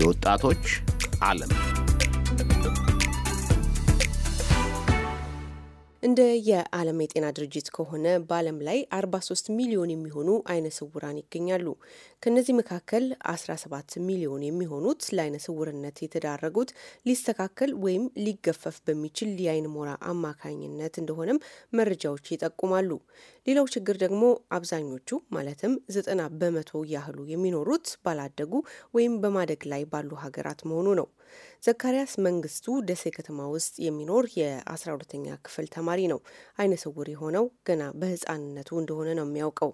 የወጣቶች ዓለም እንደ የዓለም የጤና ድርጅት ከሆነ በዓለም ላይ 43 ሚሊዮን የሚሆኑ አይነ ስውራን ይገኛሉ። ከእነዚህ መካከል 17 ሚሊዮን የሚሆኑት ለአይነ ስውርነት የተዳረጉት ሊስተካከል ወይም ሊገፈፍ በሚችል የአይን ሞራ አማካኝነት እንደሆነም መረጃዎች ይጠቁማሉ። ሌላው ችግር ደግሞ አብዛኞቹ ማለትም 90 በመቶ ያህሉ የሚኖሩት ባላደጉ ወይም በማደግ ላይ ባሉ ሀገራት መሆኑ ነው። ዘካሪያስ መንግስቱ ደሴ ከተማ ውስጥ የሚኖር የ12ተኛ ክፍል ተማሪ ነው። አይነ ስውር የሆነው ገና በህፃንነቱ እንደሆነ ነው የሚያውቀው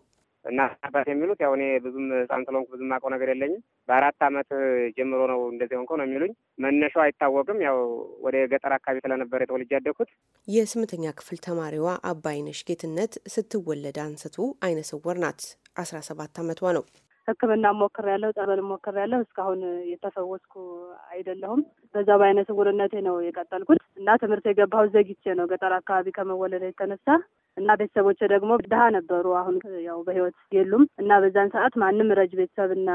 እና አባት የሚሉት ያው እኔ ብዙም ህፃን ስለሆንኩ ብዙም አውቀው ነገር የለኝም። በአራት አመት ጀምሮ ነው እንደዚህ ሆንኩ ነው የሚሉኝ። መነሻው አይታወቅም። ያው ወደ ገጠር አካባቢ ስለነበረ የተወልጅ ያደግኩት። የስምንተኛ ክፍል ተማሪዋ አባይነሽ ጌትነት ስትወለድ አንስቱ አይነ ስውር ናት። አስራ ሰባት አመቷ ነው። ሕክምና ሞክር ያለው ጸበል ሞክር ያለው እስካሁን የተፈወስኩ አይደለሁም። በዛ በዓይነ ስውርነቴ ነው የቀጠልኩት እና ትምህርት የገባው ዘግቼ ነው ገጠር አካባቢ ከመወለድ የተነሳ እና ቤተሰቦቼ ደግሞ ድሀ ነበሩ። አሁን ያው በህይወት የሉም እና በዛን ሰዓት ማንም ረጅ ቤተሰብና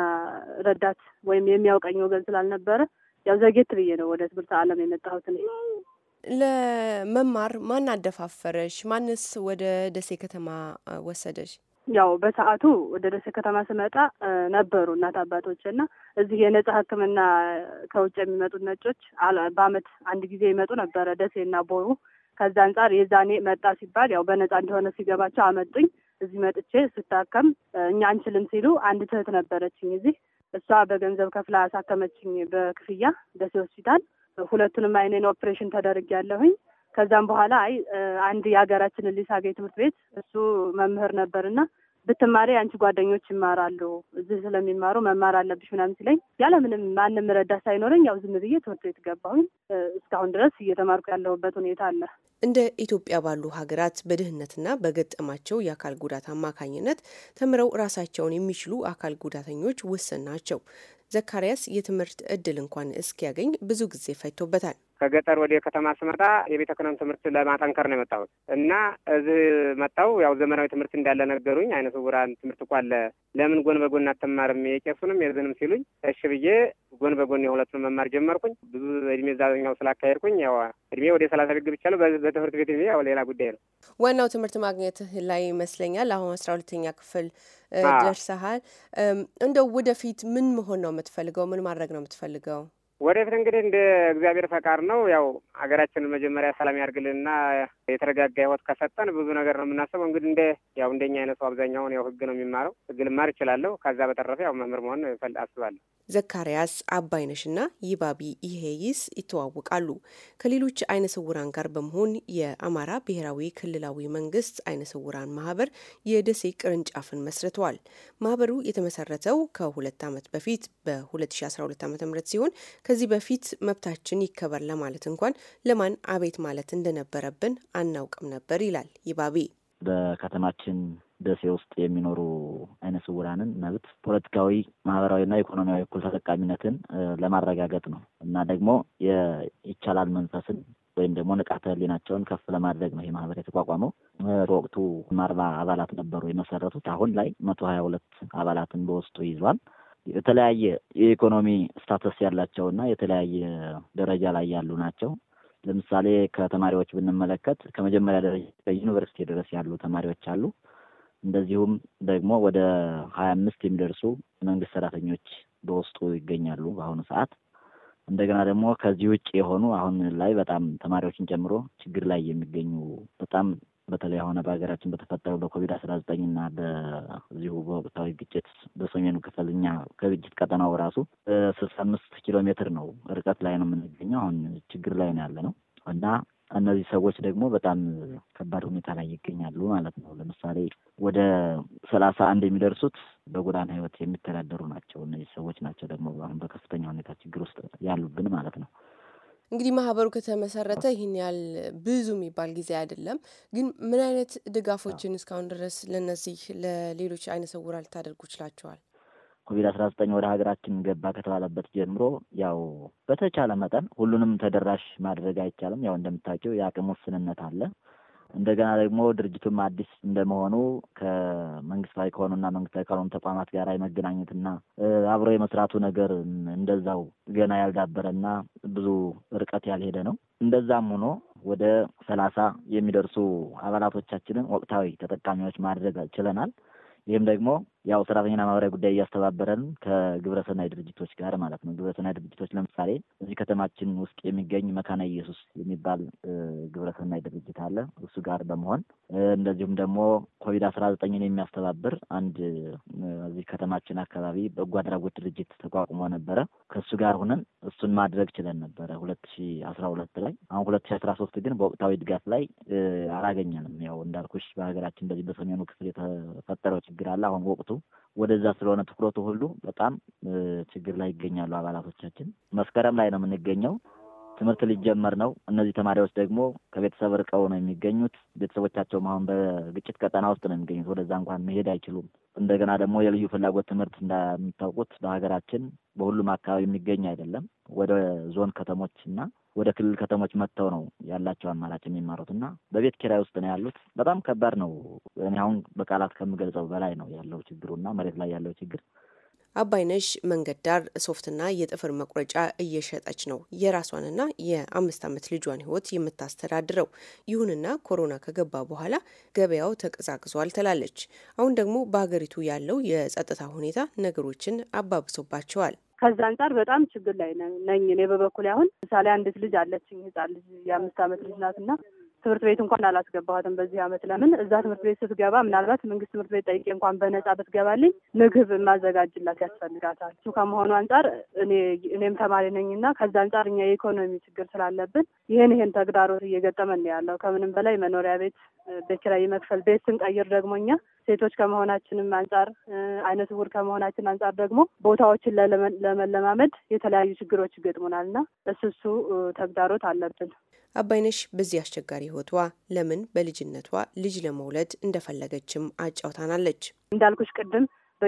ረዳት ወይም የሚያውቀኝ ወገን ስላልነበረ ያው ዘጌት ብዬ ነው ወደ ትምህርት ዓለም የመጣሁት። ለመማር ማን አደፋፈረሽ? ማንስ ወደ ደሴ ከተማ ወሰደሽ? ያው በሰዓቱ ወደ ደሴ ከተማ ስመጣ ነበሩ እናት አባቶች እና እዚህ የነጻ ሕክምና ከውጭ የሚመጡት ነጮች በአመት አንድ ጊዜ ይመጡ ነበረ እና ቦሩ። ከዛ አንጻር የዛኔ መጣ ሲባል ያው በነጻ እንደሆነ ሲገባቸው አመጡኝ። እዚህ መጥቼ ስታከም እኛ አንችልም ሲሉ አንድ ትህት ነበረችኝ እዚህ እሷ በገንዘብ ከፍላ አሳከመችኝ በክፍያ ደሴ ሆስፒታል። ሁለቱንም አይኔን ኦፕሬሽን ተደርግ ያለሁኝ ከዛም በኋላ አይ አንድ የሀገራችን ሊሳጌ ትምህርት ቤት እሱ መምህር ነበርና ብትማሪ አንቺ ጓደኞች ይማራሉ እዚህ ስለሚማሩ መማር አለብሽ ምናምን ሲለኝ ያለምንም ማንም ረዳት ሳይኖረኝ ያው ዝም ብዬ ትምህርት ቤት ገባሁኝ። እስካሁን ድረስ እየተማርኩ ያለሁበት ሁኔታ አለ። እንደ ኢትዮጵያ ባሉ ሀገራት በድህነትና በገጠማቸው የአካል ጉዳት አማካኝነት ተምረው ራሳቸውን የሚችሉ አካል ጉዳተኞች ውስን ናቸው። ዘካርያስ የትምህርት እድል እንኳን እስኪያገኝ ብዙ ጊዜ ፈጅቶበታል። ከገጠር ወደ ከተማ ስመጣ የቤተ ክህነት ትምህርት ለማጠንከር ነው የመጣሁት እና እዚህ መጣሁ። ያው ዘመናዊ ትምህርት እንዳለ ነገሩኝ። አይነ ስውራን ትምህርት እኮ አለ፣ ለምን ጎን በጎን አትማርም? የቄሱንም የዝንም ሲሉኝ እሺ ብዬ ጎን በጎን የሁለቱን መማር ጀመርኩኝ። ብዙ እድሜ ዛዘኛው ስላካሄድኩኝ ያው እድሜ ወደ ሰላሳ ቤት ገብቻለሁ። በትምህርት ቤት ያው ሌላ ጉዳይ ነው። ዋናው ትምህርት ማግኘት ላይ ይመስለኛል። አሁን አስራ ሁለተኛ ክፍል ደርሰሃል። እንደው ወደፊት ምን መሆን ነው የምትፈልገው? ምን ማድረግ ነው የምትፈልገው? ወደፊት እንግዲህ እንደ እግዚአብሔር ፈቃድ ነው። ያው ሀገራችንን መጀመሪያ ሰላም ያድርግልንና የተረጋጋ ህይወት ከሰጠን ብዙ ነገር ነው የምናስበው። እንግዲህ እንደ ያው እንደኛ አይነቱ አብዛኛውን ያው ህግ ነው የሚማረው ህግ ልማር ይችላለሁ። ከዛ በተረፈ ያው መምህር መሆን አስባለሁ። ዘካሪያስ አባይነሽና ይባቢ ይሄይስ ይተዋወቃሉ። ከሌሎች አይነ ስውራን ጋር በመሆን የአማራ ብሔራዊ ክልላዊ መንግስት አይነ ስውራን ማህበር የደሴ ቅርንጫፍን መስርተዋል። ማህበሩ የተመሰረተው ከሁለት ዓመት በፊት በ2012 ዓ ም ሲሆን ከዚህ በፊት መብታችን ይከበር ለማለት እንኳን ለማን አቤት ማለት እንደነበረብን አናውቅም ነበር ይላል ይባቤ። በከተማችን ደሴ ውስጥ የሚኖሩ አይነ ስውራንን መብት ፖለቲካዊ፣ ማህበራዊና ኢኮኖሚያዊ እኩል ተጠቃሚነትን ለማረጋገጥ ነው እና ደግሞ የይቻላል መንፈስን ወይም ደግሞ ንቃተ ህሊናቸውን ከፍ ለማድረግ ነው ይህ ማህበር የተቋቋመው። በወቅቱ አርባ አባላት ነበሩ የመሰረቱት። አሁን ላይ መቶ ሀያ ሁለት አባላትን በውስጡ ይዟል። የተለያየ የኢኮኖሚ ስታተስ እና የተለያየ ደረጃ ላይ ያሉ ናቸው። ለምሳሌ ከተማሪዎች ብንመለከት ከመጀመሪያ ደረጃ በዩኒቨርሲቲ ድረስ ያሉ ተማሪዎች አሉ። እንደዚሁም ደግሞ ወደ ሀያ አምስት የሚደርሱ መንግስት ሰራተኞች በውስጡ ይገኛሉ በአሁኑ ሰዓት። እንደገና ደግሞ ከዚህ ውጭ የሆኑ አሁን ላይ በጣም ተማሪዎችን ጨምሮ ችግር ላይ የሚገኙ በጣም በተለይ አሁን በሀገራችን በተፈጠረው በኮቪድ አስራ ዘጠኝ እና በዚሁ በወቅታዊ ግጭት በሰሜኑ ክፍል እኛ ከግጭት ቀጠናው ራሱ ስልሳ አምስት ኪሎ ሜትር ነው ርቀት ላይ ነው የምንገኘው። አሁን ችግር ላይ ነው ያለ ነው እና እነዚህ ሰዎች ደግሞ በጣም ከባድ ሁኔታ ላይ ይገኛሉ ማለት ነው። ለምሳሌ ወደ ሰላሳ አንድ የሚደርሱት በጎዳና ህይወት የሚተዳደሩ ናቸው። እነዚህ ሰዎች ናቸው ደግሞ አሁን በከፍተኛ ሁኔታ ችግር ውስጥ ያሉብን ማለት ነው። እንግዲህ ማህበሩ ከተመሰረተ ይህን ያህል ብዙ የሚባል ጊዜ አይደለም። ግን ምን አይነት ድጋፎችን እስካሁን ድረስ ለነዚህ ለሌሎች አይነ ስውራን ልታደርጉ ችላቸዋል? ኮቪድ አስራ ዘጠኝ ወደ ሀገራችን ገባ ከተባለበት ጀምሮ ያው በተቻለ መጠን ሁሉንም ተደራሽ ማድረግ አይቻልም። ያው እንደምታውቂው የአቅም ውስንነት አለ። እንደገና ደግሞ ድርጅቱም አዲስ እንደመሆኑ ከመንግስታዊ ከሆኑና መንግስታዊ ካልሆኑ ተቋማት ጋር የመገናኘትና አብሮ የመስራቱ ነገር እንደዛው ገና ያልዳበረና ብዙ ርቀት ያልሄደ ነው። እንደዛም ሆኖ ወደ ሰላሳ የሚደርሱ አባላቶቻችንን ወቅታዊ ተጠቃሚዎች ማድረግ ችለናል። ይህም ደግሞ ያው ሰራተኛና ማህበራዊ ጉዳይ እያስተባበረን ከግብረሰናይ ድርጅቶች ጋር ማለት ነው። ግብረሰናይ ድርጅቶች ለምሳሌ እዚህ ከተማችን ውስጥ የሚገኝ መካነ ኢየሱስ የሚባል ግብረሰናይ ድርጅት አለ። እሱ ጋር በመሆን እንደዚሁም ደግሞ ኮቪድ አስራ ዘጠኝን የሚያስተባብር አንድ እዚህ ከተማችን አካባቢ በጎ አድራጎት ድርጅት ተቋቁሞ ነበረ። ከእሱ ጋር ሁነን እሱን ማድረግ ችለን ነበረ ሁለት ሺ አስራ ሁለት ላይ አሁን ሁለት ሺ አስራ ሶስት ግን በወቅታዊ ድጋፍ ላይ አላገኘንም። ያው እንዳልኩሽ በሀገራችን በዚህ በሰሜኑ ክፍል የተፈጠረው ችግር አለ። አሁን ወቅቱ ወደዛ ስለሆነ ትኩረቱ ሁሉ በጣም ችግር ላይ ይገኛሉ አባላቶቻችን። መስከረም ላይ ነው የምንገኘው። ትምህርት ሊጀመር ነው። እነዚህ ተማሪዎች ደግሞ ከቤተሰብ ርቀው ነው የሚገኙት። ቤተሰቦቻቸውም አሁን በግጭት ቀጠና ውስጥ ነው የሚገኙት። ወደዛ እንኳን መሄድ አይችሉም። እንደገና ደግሞ የልዩ ፍላጎት ትምህርት እንደሚታወቁት በሀገራችን በሁሉም አካባቢ የሚገኝ አይደለም። ወደ ዞን ከተሞች እና ወደ ክልል ከተሞች መጥተው ነው ያላቸው አማራጭ የሚማሩት እና በቤት ኪራይ ውስጥ ነው ያሉት። በጣም ከባድ ነው። እኔ አሁን በቃላት ከምገልጸው በላይ ነው ያለው ችግሩ እና መሬት ላይ ያለው ችግር። አባይነሽ መንገድ ዳር ሶፍትና የጥፍር መቁረጫ እየሸጠች ነው የራሷንና የአምስት ዓመት ልጇን ሕይወት የምታስተዳድረው። ይሁንና ኮሮና ከገባ በኋላ ገበያው ተቀዛቅዟል ትላለች። አሁን ደግሞ በሀገሪቱ ያለው የጸጥታ ሁኔታ ነገሮችን አባብሶባቸዋል። ከዛ አንጻር በጣም ችግር ላይ ነኝ። እኔ በበኩሌ አሁን ምሳሌ አንዲት ልጅ አለችኝ፣ ህጻን ልጅ የአምስት ዓመት ልጅ ናት እና ትምህርት ቤት እንኳን አላስገባኋትም በዚህ ዓመት። ለምን እዛ ትምህርት ቤት ስትገባ ምናልባት መንግስት ትምህርት ቤት ጠይቄ እንኳን በነጻ ብትገባልኝ ምግብ ማዘጋጅላት ያስፈልጋታል። እሱ ከመሆኑ አንጻር እኔም ተማሪ ነኝ እና ከዛ አንጻር እኛ የኢኮኖሚ ችግር ስላለብን ይህን ይህን ተግዳሮት እየገጠመን ያለው። ከምንም በላይ መኖሪያ ቤት ቤት መክፈል፣ ቤት ስንቀይር ደግሞ እኛ ሴቶች ከመሆናችንም አንጻር አይነ ስውር ከመሆናችን አንጻር ደግሞ ቦታዎችን ለመለማመድ የተለያዩ ችግሮች ይገጥሙናል እና እሱ እሱ ተግዳሮት አለብን። አባይነሽ በዚህ አስቸጋሪ ህይወቷ ለምን በልጅነቷ ልጅ ለመውለድ እንደፈለገችም አጫውታናለች። እንዳልኩሽ ቅድም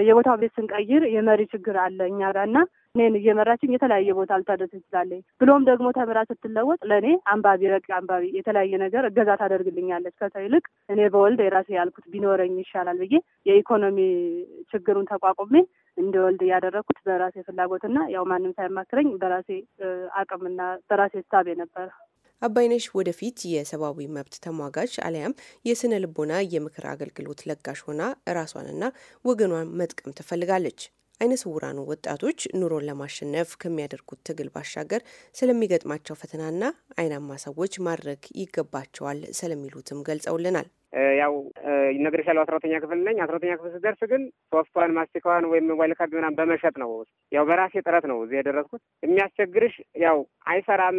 የቦታ ቤት ስንቀይር የመሪ ችግር አለ እኛ ጋር እና እኔን እየመራችኝ የተለያየ ቦታ ልታደርስ ትችላለች። ብሎም ደግሞ ተምራ ስትለወጥ ለእኔ አንባቢ ረቂ አንባቢ የተለያየ ነገር እገዛ ታደርግልኛለች። ከሰው ይልቅ እኔ በወልድ የራሴ ያልኩት ቢኖረኝ ይሻላል ብዬ የኢኮኖሚ ችግሩን ተቋቁሜ እንደወልድ እያደረግኩት በራሴ ፍላጎትና ያው ማንም ሳይማክረኝ በራሴ አቅምና በራሴ ሳቤ ነበር። አባይነሽ ወደፊት የሰብአዊ መብት ተሟጋች አሊያም የስነ ልቦና የምክር አገልግሎት ለጋሽ ሆና ራሷንና ወገኗን መጥቀም ትፈልጋለች። አይነ ስውራኑ ወጣቶች ኑሮን ለማሸነፍ ከሚያደርጉት ትግል ባሻገር ስለሚገጥማቸው ፈተናና አይናማ ሰዎች ማድረግ ይገባቸዋል ስለሚሉትም ገልጸውልናል። ያው ይነግርሻለሁ አስራተኛ ክፍል ነኝ። አስራተኛ ክፍል ስደርስ ግን ሶፍትዋን ማስቲካዋን ወይም ሞባይል ካርድ ምናምን በመሸጥ ነው ያው በራሴ ጥረት ነው እዚህ የደረስኩት። የሚያስቸግርሽ ያው አይሰራም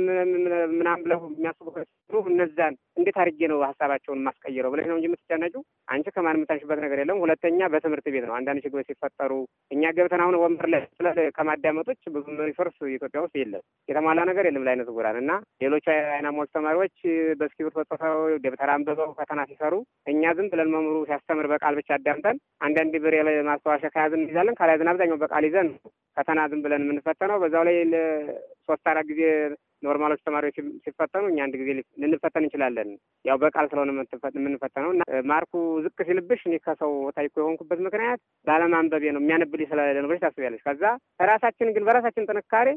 ምናምን ብለው የሚያስቡ እነዛን እንዴት አድርጌ ነው ሀሳባቸውን ማስቀይረው ብለሽ ነው እንጂ የምትጨነቂው አንቺ ከማን የምታንሽበት ነገር የለም። ሁለተኛ በትምህርት ቤት ነው አንዳንድ ችግሮች ሲፈጠሩ እኛ ገብተን አሁን ወንበር ላይ ስለ ከማዳመጦች ብዙ ሪሶርስ ኢትዮጵያ ውስጥ የለም፣ የተሟላ ነገር የለም ለዓይነ ጉራን እና ሌሎች አይናሞች ተማሪዎች በእስክሪብቶ ጽፈው ደብተር አንብበው ፈተና ሲሰሩ እኛ ዝም ብለን መምሩ ሲያስተምር በቃል ብቻ አዳምጠን አንዳንድ ብሬ ላይ ማስታወሻ ከያዝን እንይዛለን። ካልያዝን አብዛኛው በቃል ይዘን ፈተና ዝም ብለን የምንፈተነው በዛው ላይ ሶስት አራት ጊዜ ኖርማሎች ተማሪዎች ሲፈተኑ እኛ አንድ ጊዜ ልንፈተን እንችላለን። ያው በቃል ስለሆነ የምንፈተነው እና ማርኩ ዝቅ ሲልብሽ እኔ ከሰው ታይኮ የሆንኩበት ምክንያት ባለማንበቤ ነው። የሚያነብልኝ ስለሌለ ነው ብለሽ ታስቢያለሽ። ከዛ ራሳችን ግን በራሳችን ጥንካሬ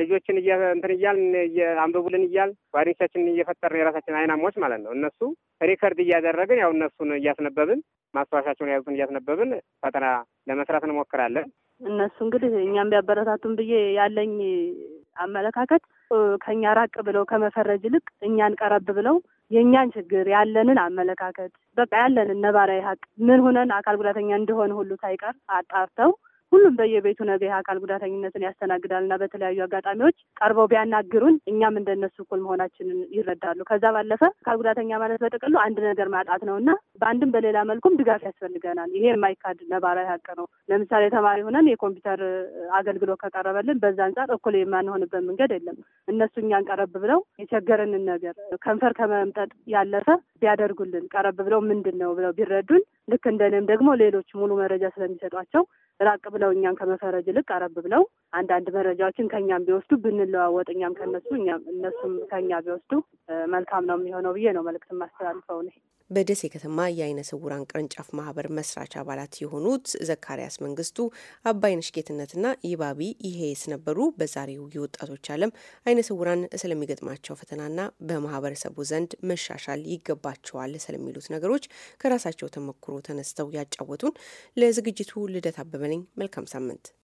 ልጆችን እንትን እያል አንብቡልን እያል ጓደኞቻችንን እየፈጠርን የራሳችን አይናሞች ማለት ነው እነሱ ሪከርድ እያደረግን ያው እነሱን እያስነበብን ማስታወሻቸውን ያዙትን እያስነበብን ፈተና ለመስራት እንሞክራለን። እነሱ እንግዲህ እኛም ቢያበረታቱን ብዬ ያለኝ አመለካከት ከኛ ራቅ ብለው ከመፈረጅ ይልቅ እኛን ቀረብ ብለው የእኛን ችግር ያለንን አመለካከት በቃ ያለንን ነባራዊ ሀቅ ምን ሆነን አካል ጉዳተኛ እንደሆነ ሁሉ ሳይቀር አጣርተው ሁሉም በየቤቱ ነገ አካል ጉዳተኝነትን ያስተናግዳል እና በተለያዩ አጋጣሚዎች ቀርበው ቢያናግሩን እኛም እንደነሱ እኩል መሆናችንን ይረዳሉ። ከዛ ባለፈ አካል ጉዳተኛ ማለት በጥቅሉ አንድ ነገር ማጣት ነው እና በአንድም በሌላ መልኩም ድጋፍ ያስፈልገናል። ይሄ የማይካድ ነባራዊ ሀቅ ነው። ለምሳሌ ተማሪ ሆነን የኮምፒውተር አገልግሎት ከቀረበልን በዛ አንጻር እኩል የማንሆንበት መንገድ የለም። እነሱ እኛን ቀረብ ብለው የቸገረንን ነገር ከንፈር ከመምጠጥ ያለፈ ቢያደርጉልን ቀረብ ብለው ምንድን ነው ብለው ቢረዱን ልክ እንደኔም ደግሞ ሌሎች ሙሉ መረጃ ስለሚሰጧቸው ራቅ ብለው እኛን ከመፈረጅ ይልቅ ቀረብ ብለው አንዳንድ መረጃዎችን ከእኛም ቢወስዱ ብንለዋወጥ፣ እኛም ከነሱ እነሱም ከኛ ቢወስዱ መልካም ነው የሚሆነው ብዬ ነው መልዕክት የማስተላልፈው ነ በደሴ ከተማ የአይነ ስውራን ቅርንጫፍ ማህበር መስራች አባላት የሆኑት ዘካሪያስ መንግስቱ፣ አባይነሽ ጌትነትና ይባቢ ይሄስ ነበሩ። በዛሬው የወጣቶች አለም አይነ ስውራን ስለሚገጥማቸው ፈተናና በማህበረሰቡ ዘንድ መሻሻል ይገባቸዋል ስለሚሉት ነገሮች ከራሳቸው ተሞክሮ ተነስተው ያጫወቱን። ለዝግጅቱ ልደት አበበ ነኝ። መልካም ሳምንት።